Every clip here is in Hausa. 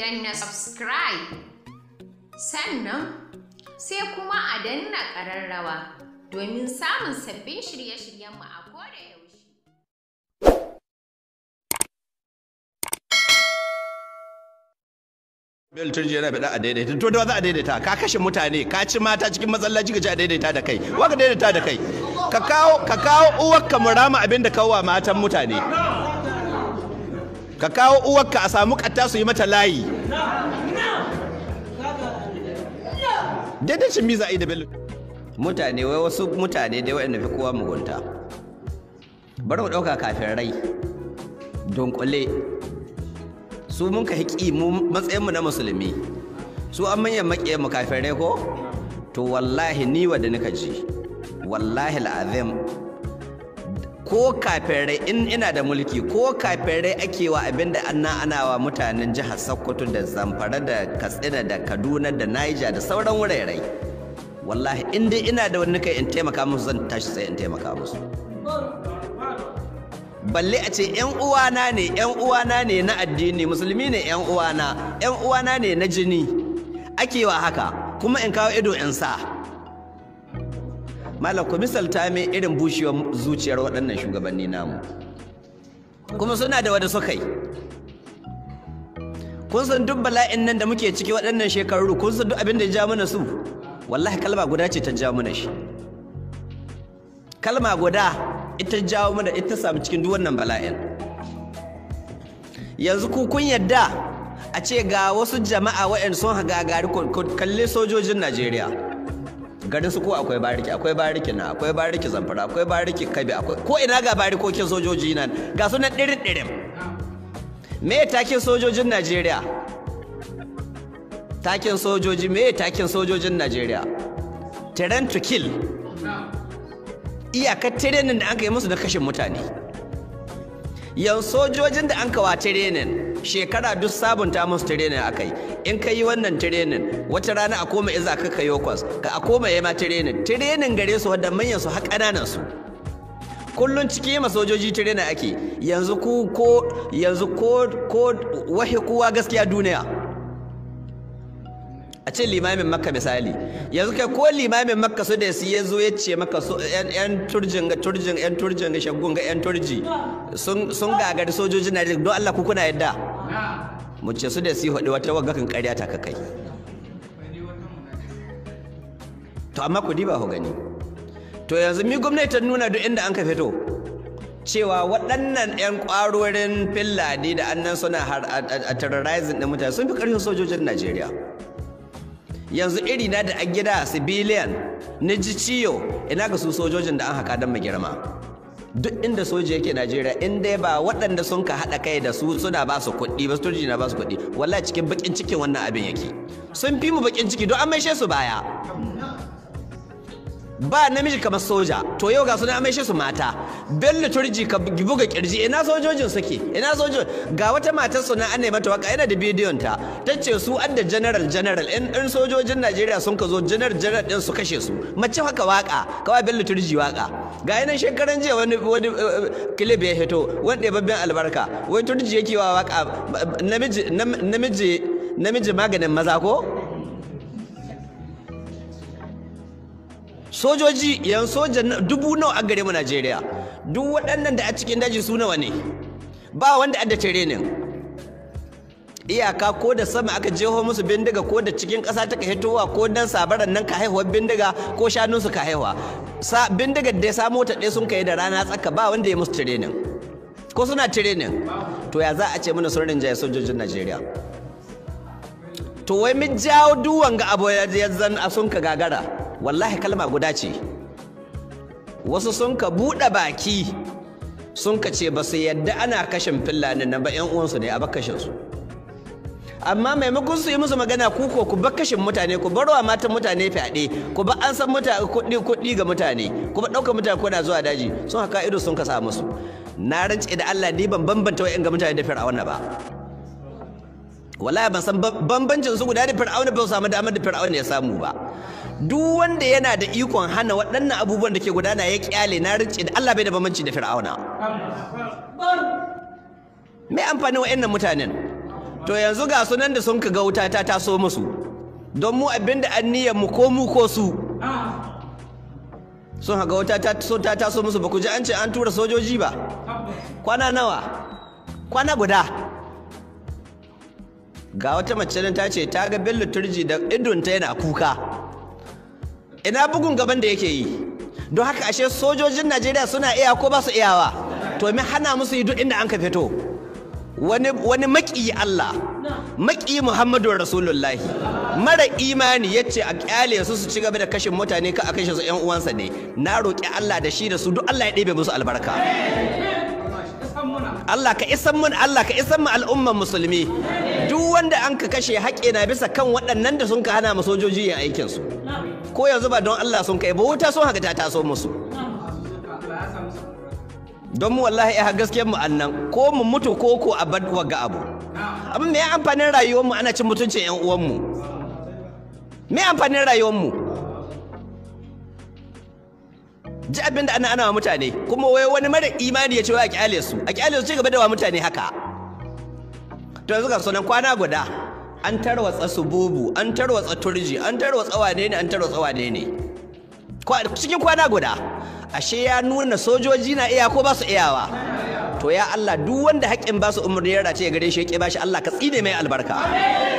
danna subscribe sannan sai kuma a danna ƙararrawa domin samun sabbin shirye-shiryenmu a kore yaushe. Bel turji yana faɗa a daidaita, to da za a daidaita, ka kashe mutane, ka ci mata cikin matsalaci gaji a daidaita da kai, wa ka daidaita da kai, ka kawo uwar ka murama abin da kawo wa matan mutane. ka kawo uwarka a samu kata su yi mata layi daidai shimbi miza a yi da bello mutane wai wasu mutane dai waɗanda fi kowa mugunta bari mu ɗauka kafin rai dunkule su mun ka haƙi mu matsayinmu na musulmi su an manyan maƙiyanmu kafin rai ko to wallahi ni wa da nika ji wallahi la'azim ko kafirai in ina da mulki ko kafirai ake wa abin da an ana wa mutanen jihar Sokoto da Zamfara da Katsina da Kaduna da Niger da sauran wurare wallahi in dai ina da wani kai in taimaka musu zan tashi sai in taimaka musu balle a ce yan uwana ne yan uwana ne na addini musulmi ne yan uwana yan uwana ne na jini ake wa haka kuma in kawo ido in sa malam ku misalta min irin bushewar zuciyar waɗannan shugabanni namu kuma suna da wanda suka yi kun san duk bala'in nan da muke ciki waɗannan shekaru kun san duk abin da ya ja mana su wallahi kalma guda ce ta ja mana shi kalma guda ita jawo mana ita samu cikin duk wannan bala'in yanzu ku kun yadda a ce ga wasu jama'a waɗanda sun haga gari kalle sojojin Najeriya garin su ko akwai bariki akwai bariki na akwai bariki zamfara akwai bariki kabi akwai ko ina ga barikokin sojoji nan ga su nan ɗirin ɗirin me takin sojojin najeriya takin sojoji me takin sojojin najeriya tiran to kill iyakar tirenin da an kai musu na kashin mutane yan sojojin da an kawa tirenin shekara duk sabunta musu training yi in ka yi wannan training wata rana a koma iza ka kayo kwas ka a koma ya ma training training gare su wadda manyan su har ƙananan su kullun ciki ma sojoji training ake yanzu ku ko yanzu ko ko wahi kowa gaskiya duniya a ce limamin makka misali yanzu kai ko limamin makka su da su ya zo ya ce maka su yan turjin ga turjin yan turjin ga shagun ga yan turji sun gagari sojoji na don Allah ku kuna yadda mu ce su da su hudu wata kan ƙarya ta kakai to amma ku diba ku gani to yanzu mi gwamnati ta nuna duk inda an ka fito cewa waɗannan 'yan ƙwarorin fillani da annan suna a terrorizing ɗin mutane sun fi ƙarfin sojojin najeriya yanzu iri na da a gida civilian na ji ciyo ina ga su sojojin da an haƙa don ma girma duk inda soja yake Najeriya in dai ba waɗanda sun ka haɗa kai da su suna ba su kuɗi ba sojoji na ba su kuɗi wallahi cikin bakin ciki wannan abin yake sun fi mu bakin ciki don an maishe su baya ba namiji kamar soja to yau ga suna mai su mata bello turji ka buga kirji ina sojojin suke ina sojojin ga wata matar suna an nemi ta waka yana da bidiyon ta tace su an da general general in in sojojin Najeriya sun ka zo general general din su kashe su mace haka waka kawai bello turji waka ga yana shekaran jiya wani wani eh, eh, clip ya hito wanda babban albarka wai turji yake wa waka namiji namiji maganin maza ko sojoji yan soja dubu nawa a gare mu Najeriya duk waɗannan da a cikin daji su nawa ne ba wanda adda training iyaka ko da sama aka jeho musu bindiga ko da cikin ƙasa ta hitowa ko dan sabaran nan ka haihuwar bindiga ko su ka haihuwa sa bindigar da ya samo ta sun kai da rana tsaka ba wanda ya musu training ko suna training to ya za a ce mana sun rinjaye sojojin Najeriya to wai mu jawo duwan ga abu ya zan a sun ka gagara wallahi kalma guda ce wasu sun ka buɗe baki sun ka ce ba su yadda ana kashin fillanin nan ba 'yan uwansu ne a bakashin su amma maimakon su yi musu magana ku ko ku bakashin mutane ku bar wa matan mutane fyaɗe ku ba an san mutane kuɗi kuɗi ga mutane ku ba ɗaukar mutane na zuwa daji sun haka ido sun ka samu musu na rance da Allah ni ban bambanta wa'in ga mutane da fir'auna ba wallahi ban san bambancin su guda da fir'auna ba su samu damar da fir'auna ya samu ba duk wanda yana da ikon hana waɗannan abubuwan da ke gudana ya kyale na rince da Allah bai da bambanci da Fir'auna me amfani waɗannan mutanen to yanzu ga sunan da sun ka ga wuta ta taso musu don mu abinda an niyyar mu ko mu ko su sun ga wuta ta taso musu ba ku ji an ce an tura sojoji ba kwana nawa kwana guda ga wata mace ta ce ta ga bello turji da idonta yana kuka ina bugun gaban da yake yi don haka ashe sojojin najeriya suna iya ko ba su iyawa to hana musu yi duk inda an ka fito wani wani maki Allah maki Muhammadu Rasulullahi mara imani ya ce a kyale su su ci gaba da kashin mutane ka a kashe su ƴan uwansa ne na roƙi Allah da shi da su duk Allah ya ɗebe musu albarka Allah ka isan mun Allah ka isan mu al'umman musulmi duk wanda an ka kashe haƙe na bisa kan waɗannan da sun ka hana mu sojoji yin aikin su. ko yanzu ba don Allah sun kai ba wuta sun haka ta taso musu don mu wallahi ya eh, gaskiyar mu annan ko mu mutu ko ko a bar ga abu abin me amfanin rayuwar mu ana cin mutuncin yan uwan mu me amfanin rayuwar mu ji abin da ana ana wa mutane kuma wai wani mara imani ya ce wai a kyale su a kyale su ci gaba da wa mutane haka to yanzu ga sunan kwana guda an tarwatsa sububu an tarwatsa turji an tarwatsa wane ne an tarwatsa wane ne cikin kwana guda ashe ya nuna sojoji na iya ko ba su iyawa to ya Allah duk wanda haƙƙin ba su umarni yarda ce gare shi ya ba shi Allah ka tsine mai albarka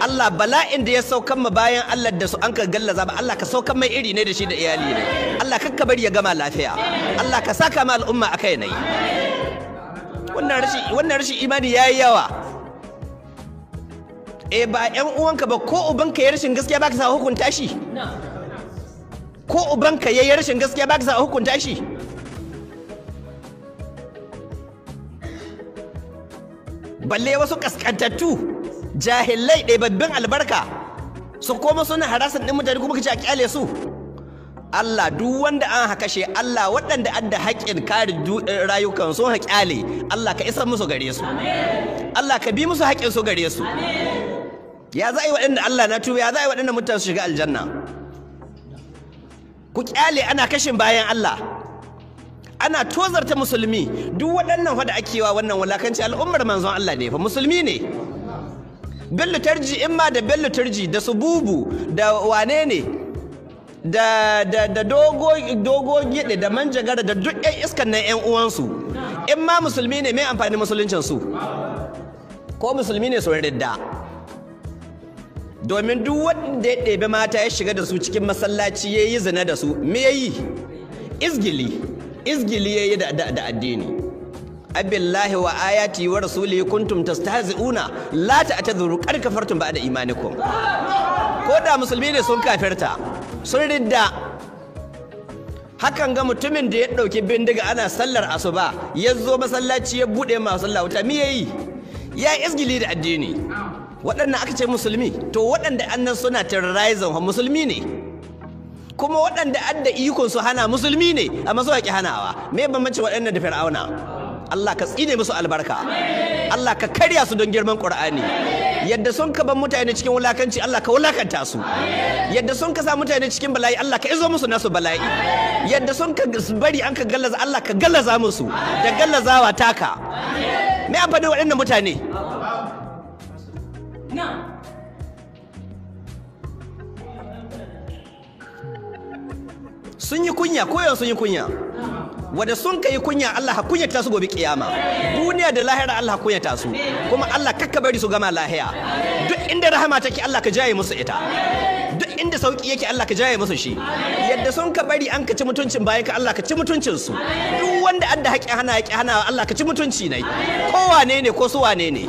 Allah bala'in da ya saukan ma bayan Allah da su an ka gallaza ba Allah ka saukan mai iri ne da shi da iyali ne Allah kakka bari ya gama lafiya Allah ka saka ma al'umma akai ne wannan rashin wannan rashin imani yayi yawa eh ba yan uwanka ba ko ubanka ya rashin gaskiya baka sa hukunta shi ko ubanka ya yi rashin gaskiya baka sa hukunta shi balle wasu kaskantattu jahilai babban albarka su koma suna harasan ɗin mutane kuma kace a kyale su Allah duk wanda an haka shi Allah waɗanda an da haƙƙin kare eh, rayukan sun haƙyale Allah ka isa musu gare su Allah ka bi musu haƙƙin su gare su ya za a yi waɗanda Allah na tuba ya za a yi waɗanda mutane su shiga aljanna ku kyale ana kashin bayan Allah ana tozarta musulmi duk waɗannan fa da ake wa wannan wulakanci al'ummar manzon Allah ne fa musulmi ne bello tarji in ma da bello tarji da sububu da wane ne da da da dogo dogo gide da manjagara da duk ƴan iskan na ƴan uwansu in ma musulmi ne mai amfani musuluncin ko musulmi ne sun ridda domin duk wanda ya ɗebe mata ya shiga da su cikin masallaci ya yi zina da su me ya yi izgili izgili ya yi da addini abillahi wa ayati wa rasuli kuntum tastahzi'una la ta'tadhuru qad kafartum ba'da imanikum ko da musulmi ne sun kafirta sun ridda hakan ga mutumin da ya ɗauki bindiga ana sallar asuba ya zo masallaci ya buɗe masu lauta me yi? ya izgili da addini waɗannan aka ce musulmi to waɗanda annan suna wa musulmi ne kuma waɗanda an da ikon su hana musulmi ne amma masu haƙi hanawa me bambanci waɗanda da fir'auna Allah ka tsine musu albarka Allah ka karya su don girman Qur'ani yadda sun ka ban mutane cikin wulakanci Allah ka wulakanta su yadda sun ka sa mutane cikin bala'i Allah ka izo musu nasu bala'i yadda sun ka bari an ka gallaza Allah ka gallaza musu da gallazawa taka me amfani waɗannan mutane No. Sun yi kunya, koyon sun yi kunya. Wada sun ka yi kunya Allah ha kunyata su gobe kiyama. Duniya da lahira Allah kunyata su. Kuma Allah kakka bari su gama lahiya. Duk inda rahama take Allah ka jaye musu ita. Duk inda sauki yake Allah ka jaye musu shi. Yadda sun ka bari an ka ci mutuncin bayan ka Allah ka ci mutuncin su. Duk wanda adda haƙi hana haƙi hana Allah ka ci mutunci Ko wane ne ko su wane ne.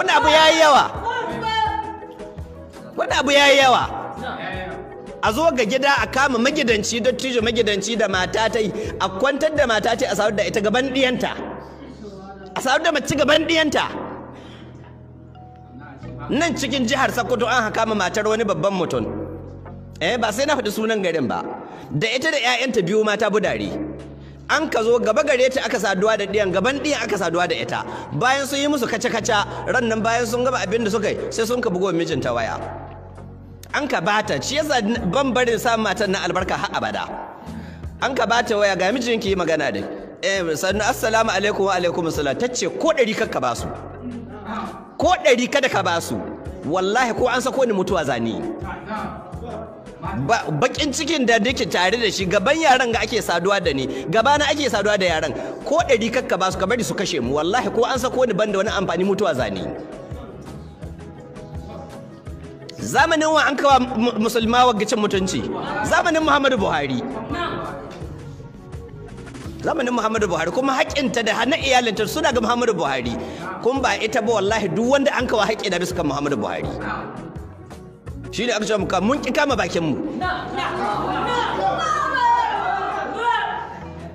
wani abu ya yi yawa wani abu ya yi yawa a zo ga gida a kama magidanci dattijo magidanci da mata ta yi a kwantar da mata ta a sadu da ita gaban diyanta a sadu da mace gaban diyanta nan cikin jihar sokoto an haka ma matar wani babban mutum eh ba sai na faɗi sunan garin ba da ita da 'ya'yanta biyu mata budare an ka zo gaba gare ta aka saduwa da ɗiyan gaban ɗiyan aka saduwa da ita bayan sun yi musu kaca-kaca ran nan bayan sun gaba abin da suka yi sai sun ka bugo mijinta waya an ka bata shi yasa ban barin sa matan na albarka har abada an ka bata waya ga mijin ki magana da eh sannu assalamu alaikum wa alaikum assalam tace ko ɗari ka ba su ko ɗari kada ka ba su wallahi ko an sako ni mutuwa zani bakin cikin da nake tare da shi gaban yaran ga ake saduwa da ni gaba na ake saduwa da yaran ko ɗari kakka ba su ka bari su kashe mu wallahi ko an sako ni banda wani amfani mutuwa zane zamanin wa an kawa musulma waggacin mutunci zamanin muhammadu buhari zamanin muhammadu buhari kuma haƙƙinta da hana iyalinta suna ga muhammadu buhari kun ba ita ba wallahi duk wanda an kawa haƙƙi da bisa kan muhammadu buhari shi ne aka ce muka mun ƙi kama bakinmu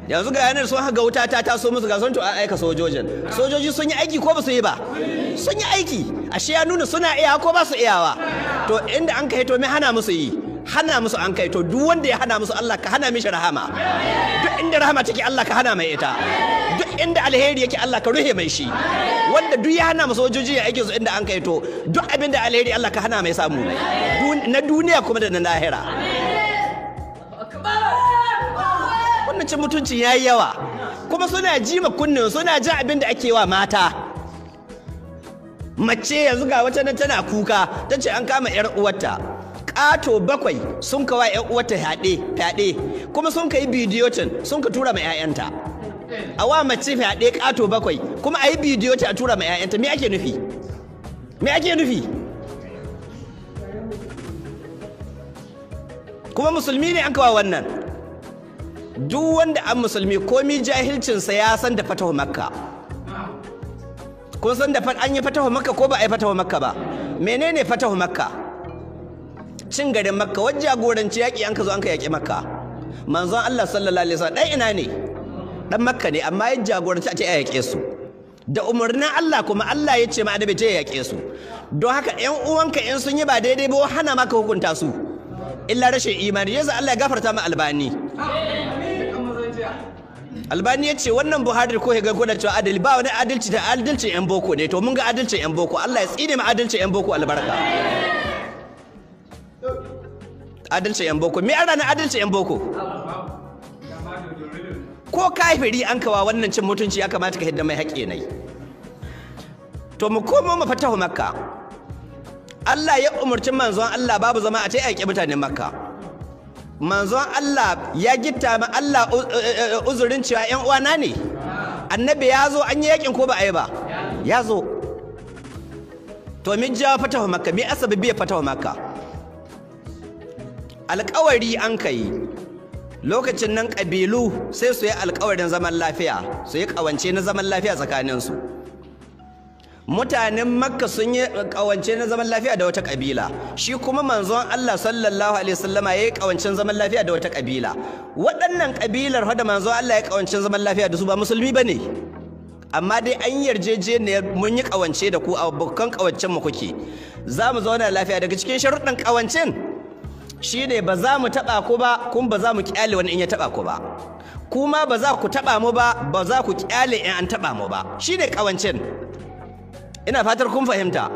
yanzu ga yanar sun haga wuta ta taso musu ga sun to an aika sojojin sojoji sun yi aiki ko ba su yi ba sun yi aiki ashe ya nuna suna iya ko ba su iyawa to inda an kai to me hana musu yi hana musu an kai to duk wanda ya hana musu Allah ka hana mishi rahama duk inda rahama take Allah ka hana mai ita duk inda alheri yake Allah ka ruhe mai shi wanda duk ya hana masa sojoji ya aikinsu su inda an kai to duk abin da alheri Allah ka hana mai samu na duniya kuma da na lahira wannan cin mutuncin ya yi yawa kuma suna ji ma suna ji abin da ake wa mata mace yanzu ga wata nan tana kuka ta ce an kama yar uwarta ƙato bakwai sun kawa yar uwarta fyaɗe kuma sun ka yi bidiyotin, sun ka tura ma 'ya'yanta a wa mace fyaɗe ƙato bakwai kuma a yi bidiyo ta a tura ma 'ya'yanta me ake nufi me ake nufi kuma musulmi ne an kawo wannan duk wanda an musulmi komi jahilcinsa ya san da fatahu makka kun san da an yi fatahu makka ko ba a yi fatahu makka ba menene fatahu makka cin garin makka wajen jagoranci yaƙi an ka zo an ka yaƙi makka manzon allah sallallahu alaihi wasallam ɗan ina ne dan makka ne amma yin jagoranci a ce ya yaƙe su da umarnin Allah kuma Allah ya ce ma annabi ce ya yaƙe su don haka ƴan uwanka in sun yi ba daidai ba hana maka hukunta su illa rashin imani yanzu Allah ya gafarta ma albani albani ya ce wannan buhari ko ya gudan cewa adali ba wani adalci da adalcin yan boko ne to mun ga adalcin yan boko allah ya tsine ma adalcin yan boko albarka adalcin yan boko me an na adalcin yan boko ko kafiri an kawa wannan cin mutunci ya kamata ka hidda mai haƙe nai to mu komo mu fatahu makka Allah ya umarci manzon Allah babu zama a ce a yaƙi mutanen makka manzon Allah ya gitta ma Allah uzurin cewa ƴan uwana ne annabi ya zo an yi yaƙin ko ba a yi ba ya zo to min jawo fatahu makka mi asabi biya fatahu makka alƙawari an kai lokacin nan kabilu sai su yi alkawarin zaman lafiya su yi ƙawance na zaman lafiya tsakaninsu mutanen makka sun yi ƙawance na zaman lafiya da wata ƙabila shi kuma manzon Allah sallallahu alaihi wasallama ya yi ƙawancin zaman lafiya da wata ƙabila waɗannan ƙabilar da manzon Allah ya yi ƙawancin zaman lafiya da su ba musulmi ba ne amma dai an yarjejeniyar mun yi ƙawance da ku a abokan ƙawancen mu kuke za mu zauna lafiya daga cikin sharuɗin ƙawancen shine ba za mu taba ku ba kuma ba za mu kyale wani in ya taba ku ba kuma ba za ku taba mu ba ba za ku kyale in an taba mu ba shine kawancin ina fatar kun fahimta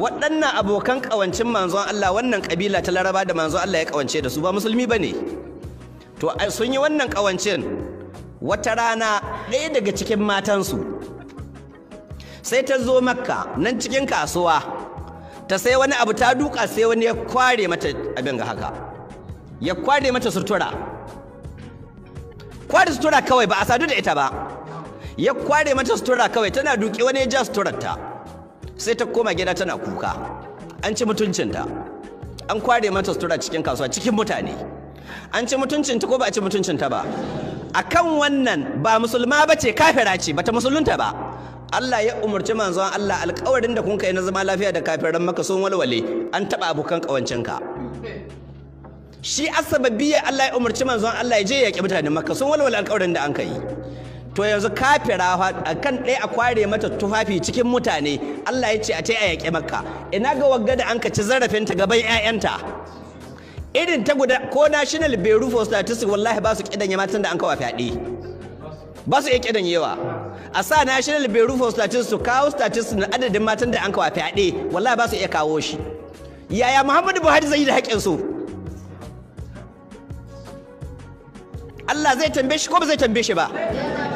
waɗannan abokan kawancin manzon Allah wannan kabila ta Laraba da manzon Allah ya kawance da su ba musulmi bane to sun yi wannan kawancin wata rana ɗaya daga cikin matansu sai ta zo makka nan cikin kasuwa ta sai wani abu ta duka sai wani ya kware mata abin ga haka ya kware mata sutura kware sutura kawai ba a sadu da ita ba ya kware mata sutura kawai tana duki wani ya ja suturarta sai ta koma gida tana kuka an ci mutuncinta an kware mata sutura cikin kasuwa cikin mutane an ci mutuncinta ko ba a ci mutuncinta ba akan wannan ba musulma ba ce kafira ce bata musulunta ba Allah ya umarci manzon Allah alƙawarin da kun kai na zama lafiya da kafiran maka sun walwale an taɓa abokan ƙawancinka shi asababiyya Allah ya umarci manzon Allah ya je ya yaƙi mutanen maka sun walwale alƙawarin da an kai to yanzu kafira a kan ɗaya a kware mata tufafi cikin mutane Allah ya ce a ta a yaƙe maka ina ga wagga da an ka ci zarafinta gaban 'ya'yanta irin ta guda ko national bureau for statistics wallahi ba su kidan matan da an kawa fyaɗe ba su iya kidan yawa a sa national bureau for statistics su kawo statistics na adadin matan da an kawo fyaɗe wallahi ba su iya kawo shi yaya muhammadu buhari zai yi da haƙƙin su Allah zai tambaye shi ko ba zai tambaye shi ba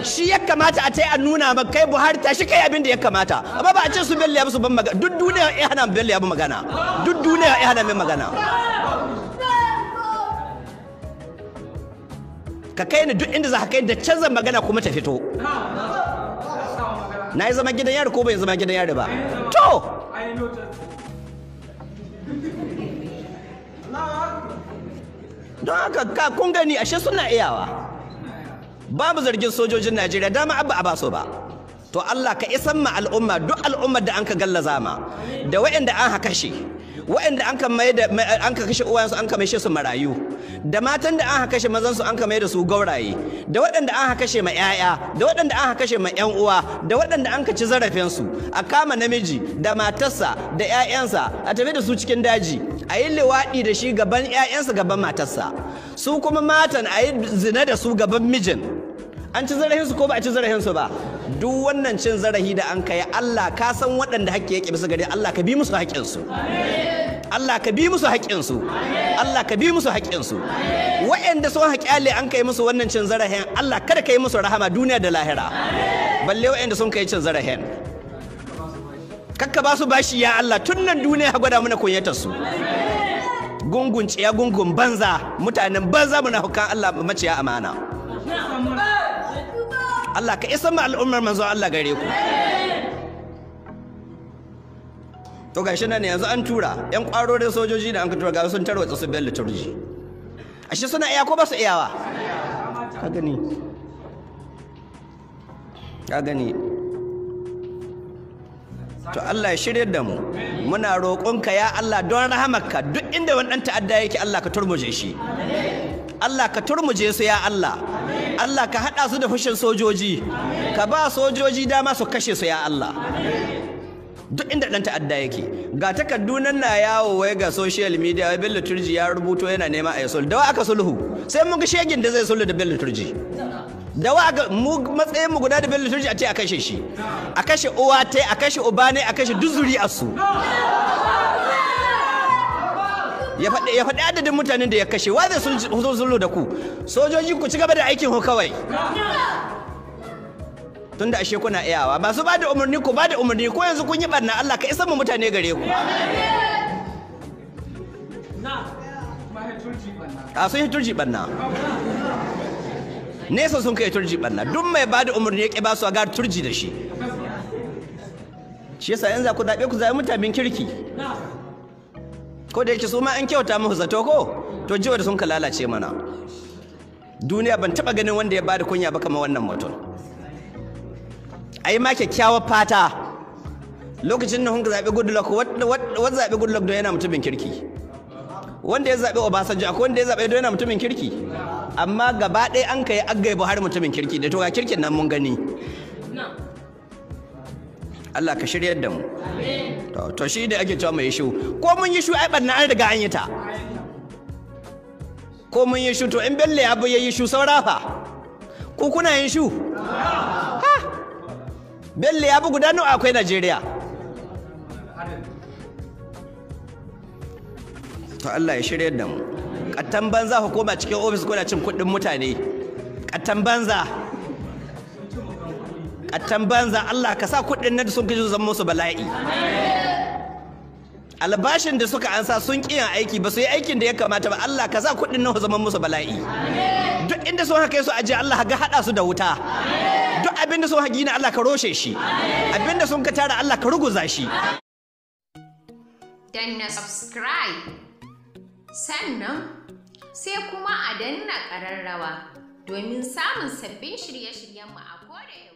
shi ya kamata a tai a nuna maka kai Buhari ta shi kai abin da ya kamata amma ba a ce su Bello ya su ban magana duk duniya ya hana Bello ya magana duk duniya ya hana min magana ka kai ni duk inda za ka kai da canza magana kuma ta fito na yi zama gidan yari ko bai zama gidan yari ba to don haka ka kun gani ashe suna iyawa babu zargin sojojin najeriya dama abba a ba ba to allah ka isan ma al'umma duk al'ummar da an ka gallaza ma da waɗanda an haka shi waɗanda an ka mai kashe uwayensu an ka mai su marayu da matan da an ka kashe mazansu an ka mai da su gauraye da waɗanda an ka kashe ma 'ya'ya da waɗanda an ka kashe ma 'yan uwa da waɗanda an ka ci zarafinsu a kama namiji da matarsa da 'ya'yansa a tafi da su cikin daji a yi liwaɗi da shi gaban 'ya'yansa gaban matarsa su kuma matan a yi zina da su gaban mijin an ci zarafinsu ko ba a ci zarafinsu ba duk wannan cin zarafi da an kai Allah ka san waɗanda hakki yake bisa gare Allah ka bi musu su Allah ka bi musu su Allah ka bi musu su waɗanda sun haƙƙi an kai musu wannan cin zarafin Allah kada ka yi musu rahama duniya da lahira balle waɗanda sun kai cin zarafin kakka ba su bashi ya Allah tun nan duniya ha gwada mana su gungun ciya gungun banza mutanen banza muna hukan Allah maciya amana Allah ka isa ma al'ummar manzo Allah gare ku to gashi nan yanzu an tura yan kwarorin sojoji da an ka tura ga sun tarwatsa su bella turji ashe suna iya ko ba su iyawa ka gani ka gani to Allah ya shirye da mu muna roƙonka ya Allah don rahamarka duk inda wani ɗan ta'adda yake Allah ka turmuje shi Allah ka turmuje su ya Allah Allah ka haɗa su da fushin sojoji ka ba sojoji dama su kashe su ya Allah duk inda ɗan ta'adda yake ga takardu nan na yawo wai ga social media wai Bello Turji ya rubuto yana nema a sulhu da wa aka sulhu sai mun ga shegin da zai sulhu da Bello Turji da wa mu matsayin mu guda da Bello Turji a ce a kashe shi a kashe uwa ta, a kashe uba ne a kashe duzuri a su ya faɗi adadin mutanen da ya kashe wa zai sulhu da ku sojoji ku ci gaba da aikin ku kawai tunda ashe kuna iyawa masu ba da umarni ku ba da umarni ko yanzu kun yi barna Allah ka isa mu mutane gare ku a sun yi turji barna nesa sun kai turji barna duk mai ba da umarni ya ƙi ba su a gar turji da shi shi yasa yanzu ku zaɓe ku zaɓe mutanen kirki ko da yake su ma an kyauta musu zato ko to jiwa da sun ka lalace mana duniya ban taba ganin wanda ya bada kunya ba kamar wannan mutum ai ma kyakkyawar fata lokacin da hunka zaɓi goodluck wanda good goodluck don yana mutumin kirki wanda ya zabe obasanjo akwai wanda ya zabe don yana mutumin kirki amma gaba ɗaya an kai aggai buhari mutumin kirki da to ga kirkin nan mun gani Allah ka shirya da mu to shi da ake cewa mai shu ko mun yi shu ai banna an riga an yi ta ko mun yi shu to in belle abu yayi shu saura fa ko kuna yin shu ha belle abu guda nawa akwai Najeriya to Allah ya shirya da mu kattan banza ku koma cikin ofis kuna cin kuɗin mutane kattan banza can banza Allah ka sa kuɗin nan da sun kashe zama musu bala'i albashin da suka ansa sun kiyan aiki ba su yi aikin da ya kamata ba Allah ka sa kuɗin nan zama musu bala'i duk inda sun haka su aje Allah ga hada su da wuta duk abin da sun haƙi na Allah ka roshe shi abin da sun ka tara Allah ka ruguza shi danna subscribe sannan sai kuma a danna ƙararrawa domin samun sabbin shirye-shiryenmu a koda